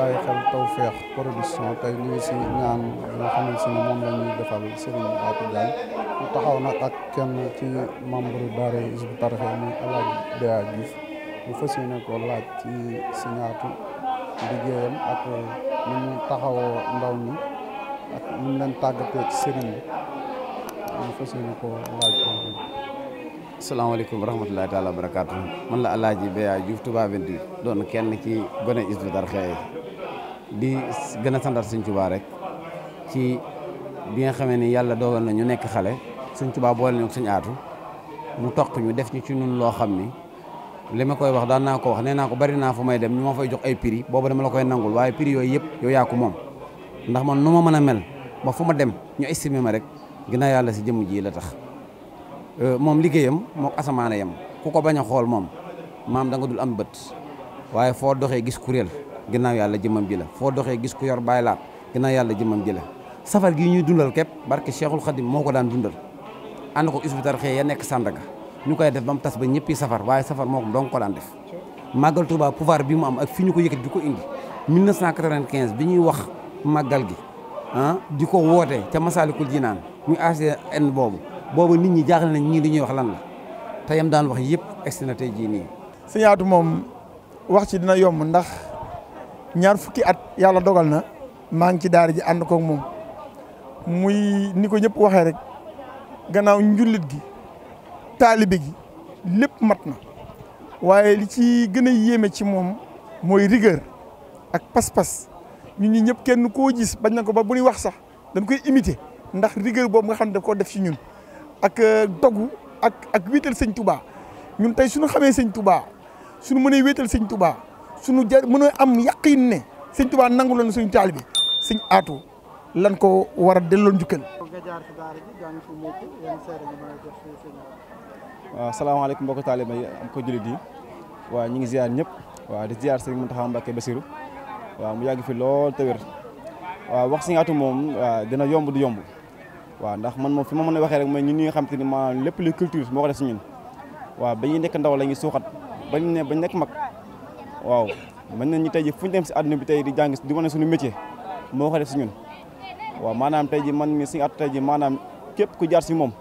bàyyi xel Tawfekh production tey ñu ngi si ñaan nga xamante ne moom la ñuy taxaw nag ak kenn ci membre daara Hizbut Tarqiyyah muy El Hadj fas yéene ko laaj ci Serigne Atou liggéeyam ak ni mu taxawoo ndaw ñi ak ni mu leen tàggatee ci Serigne bi mu fas yéene ko laaj asalaamaaleykum wa rahmatulahi taala wa barakaatu man doon kenn ci gone Hizbut Tarqiyyah di gën a santar Sëñ Tuubaa rek ci bi nga xamee ni yàlla dogal na ñu nekk xale Sëñ Tuubaa boole ñu ak Aatu mu toq ñu def ñu ci ñun loo xam ni li ma koy wax daan naa ko wax nee naa ko bari naa fu may dem ñu ma fay jox ay prix boobu dama la koy nangul waaye prix yooyu yëpp yow yaa moom ndax man nu ma mën a mel ba fu ma dem ñu estimé ma rek ginnaaw yàlla si jëmm ji la tax euh, moom liggéeyam mook asamaana yam ku ko bañ a xool moom maam da dul am bët waaye foo doxee gis kuréel ginnaaw yàlla jëmam ji la foo doxee gis ku yor bàyyi laat ginnaaw yàlla jëmam ji la safar gi ñuy dundal képp barke Cheikhul Khadim moo ko daan dundal ànd ko isbitar xëy ya nekk Sandaga ñu koy def ba mu tas ba ñëpp safar waaye safar moo ko ko daan def màggal Touba pouvoir bi mu am ak fi ñu ko yëkkati di ko indi 1995 bi ñuy wax màggal gi ah, di ko woote ca Masaalikul Jinaan muy ACN boobu boobu nit ñi jaaxle nañ ñii li ñuy wax lan la te yam daan wax yëpp egsi na tey jii nii. Sëñ ñaar fukki at yàlla dogal na maa ngi ci daara ji ànd koog moom muy ni ko ñëpp waxee rek gannaaw njullit gi taalibe gi lépp mat na waaye li ci gën a yéeme ci moom mooy rigueur ak pas-pas ñun ñi ñëpp kenn koo gis bañ na ko ba bu ñuy wax sax dañ koy imiter ndax rigueur boobu nga xam ne daf koo def ci ñun ak euh, dogu ak ak wéetal sëñ Touba ñun tey suñu xamee sëñ Touba suñu mënee wéetal sëñ Touba suñu jë mën am yaqin ne sëñ Tuubaa nangu loon suñu taal bi sëñ aatu lan ko war a delloon njukkal. waaw salaamaaleykum mbokk ko yi am ko jullit yi waaw ñu ngi ziar ñëpp waaw di ziar sëñ Mountakha Mbacké Bassirou waaw mu yàgg fi lool te waa wax sëñ aatu moom waaw dina yomb du yomb waa ndax man moom fi ma mën a waxee rek mooy ñun ñi nga xam te ni maanaam lépp lu culture moo ko si ñun waaw ba ñu nekk ndaw la ñuy suuxat bañ ne bañ nekk mag. waaw mën nañ ñu tey ji fu ñu dem si àdduna bi tey di jàng di wane suñu métier moo ko def si ñun waaw maanaam tey ji man mi si at tey ji maanaam képp ku jaar si moom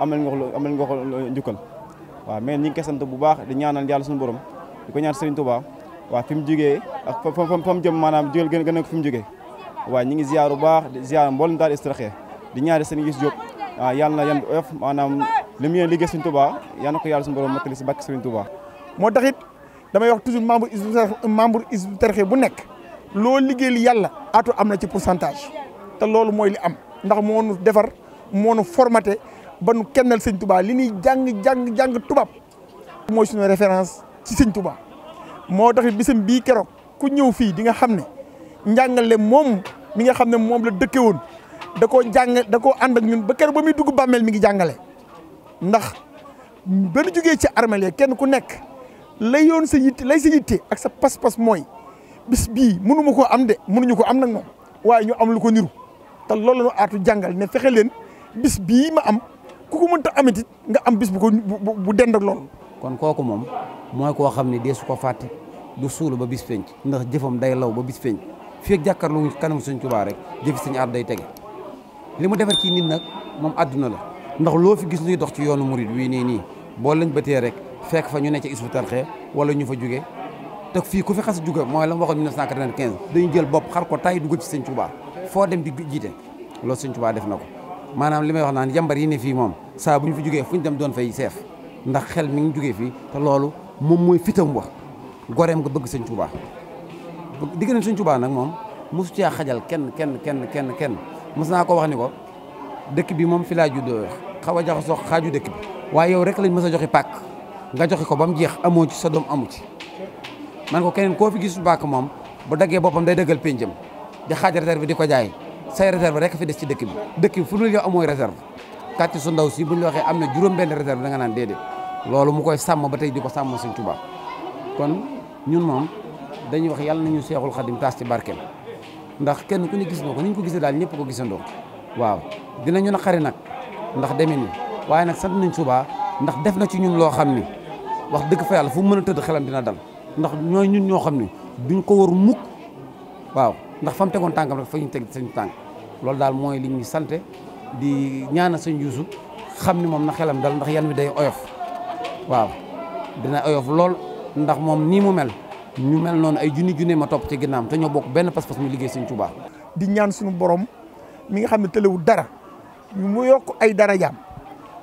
am nañ wax am nañ wax njukkal waaw mais ñi ngi bu baax di ñaanal yàlla suñu borom di ko ñaan Serigne Touba waaw fi mu jugee ak fa fa mu jëm maanaam jël gën a fi mu jugee waaw ñi ngi ziar bu baax di ziar mboolem daal istraxee di ñaari seen gis jóg waaw yàlla na yan bi oyof maanaam li mu yéen liggéey Serigne Touba yàlla na ko yàlla suñu borom mottali si damay wax toujours membre Hizbut membre Hizbut Tarqiyyah bu nekk loo liggéeyal yàlla aatu am na ci pourcentage te loolu mooy li am ndax moo nu defar moo nu formaté ba nu kennal sëñ tubaa li ñuy jàng jàng jàng tubaab mooy suñu référence ci sëñ Touba moo taxit bisam bii keroog ku ñëw fii di nga xam ne njàngale moom mi nga xam ne moom la dëkke woon da koo jàng da ko ànd ak ba keroog ba muy dugg bàmmeel mi ngi jàngale ndax ba nu jógee ci armeel kenn ku nekk. la yoon sa yitte lay sa yitte ak sa pas-pas mooy bis bii mënu ma koo am de mënuñu ko am na moom waaye ñu am lu ko niru te lool la ñu aatu jàngal ne fexe leen bis bii ma am ku ko mënta amit nga am bis bu ko bu dend ak kon kooku moom mooy koo xam ne dee su ko fàtte du suulu ba bis penc ndax jëfam day law ba bis penc fii ak jàkkaarloo kanam Sëñ Tuubaa rek jëfi Sëñ Aatu day tege li mu defar ci nit nag moom àdduna la ndax loo fi gis ñuy dox ci yoonu murid wii nii nii boo lañ bëtee rek. fekk fa ñu ne ci isbu tarxee wala ñu fa jóge te fii ku fi xas jóge mooy la mu waxoon 1995 dañu jël bopp xar ko tay dugg ci sëñ Touba dem di jiite loolu sëñ Touba def na ko maanaam li may wax naan jàmbar yi ne fii moom saa bu ñu fi fu ñu dem doon fay seef ndax xel mi ngi jógee fii te loolu moom mooy fitam wax goreem nga bëgg sëñ Touba diggante sëñ Touba nag moom mosu caa xajal kenn kenn kenn kenn kenn mos naa ko wax ni ko dëkk bi moom fi laa juddoo xaw a jaxasoo xaaju dëkk bi waaye yow rek lañ mës a joxe pàkk nga joxe ko ba mu jeex amoo ci sa doom amu ci man ko keneen koo fi gisul bàkk moom bu daggee boppam day dëggal pénjam di xaaj réserve di ko jaay say réserve rek fi des ci dëkk bi dëkk bi fu mu yow amooy réserve kàcc su ndaw si bu ñu waxee am na juróom benn réserve da nga naan déedéet loolu mu koy sàmm ba tey di ko sàmm Sëñ Tuubaa kon ñun moom dañuy wax yàlla nañu seexul xadim taas ci barkeem ndax kenn ku ne gis na ko ni ko gisee daal ñëpp ko gisandoo waaw dinañu naqari nag ndax demee nii waaye nag sant nañ Tuubaa ndax def na ci ñun loo xam ni wax dëgg fa yàlla fu mën a tëdd xelam dina dal ndax ñooy ñun ñoo xam ne duñ ko war mukk waaw ndax fa mu tegoon tànkam rek fa ñu teg sañu tànk loolu daal mooy li ñuy sante di ñaanal sañ yuusu xam ni moom na xelam dal ndax yan mi day oyof waaw dina oyof lool ndax moom nii mu mel ñu mel noonu ay junni junne ma topp ci ginnaam te ñoo bokk benn pas-pas muy liggéey sañ Tuubaa di ñaan suñu borom mi ngi xam ne tëlewul dara ñu mu yokk ay dara jaam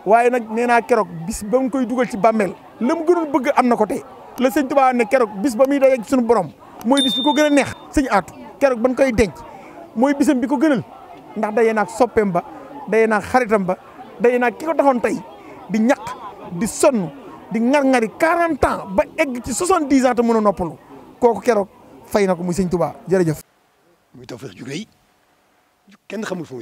waaye nag nee naa keroog bis ba koy dugal ci bàmmeel la mu gënoon bëgg am na ko tey la sëñ Tuubaa ne keroog bis ba muy dajeeg suñu borom mooy bis bi ko gën a neex sëñ aatu keroog ban koy denc mooy bisam bi ko gënal ndax dayee naag soppeem ba dayee naag xaritam ba day naag ki ko taxoon tey di ñaq di sonn di ŋar-ŋari 40 ans ba egg ci 70 ans te mën a noppalu kooku keroog fay na ko muy sëñ Tuubaa jërëjëf. muy Tawfekh kenn xamul fu mu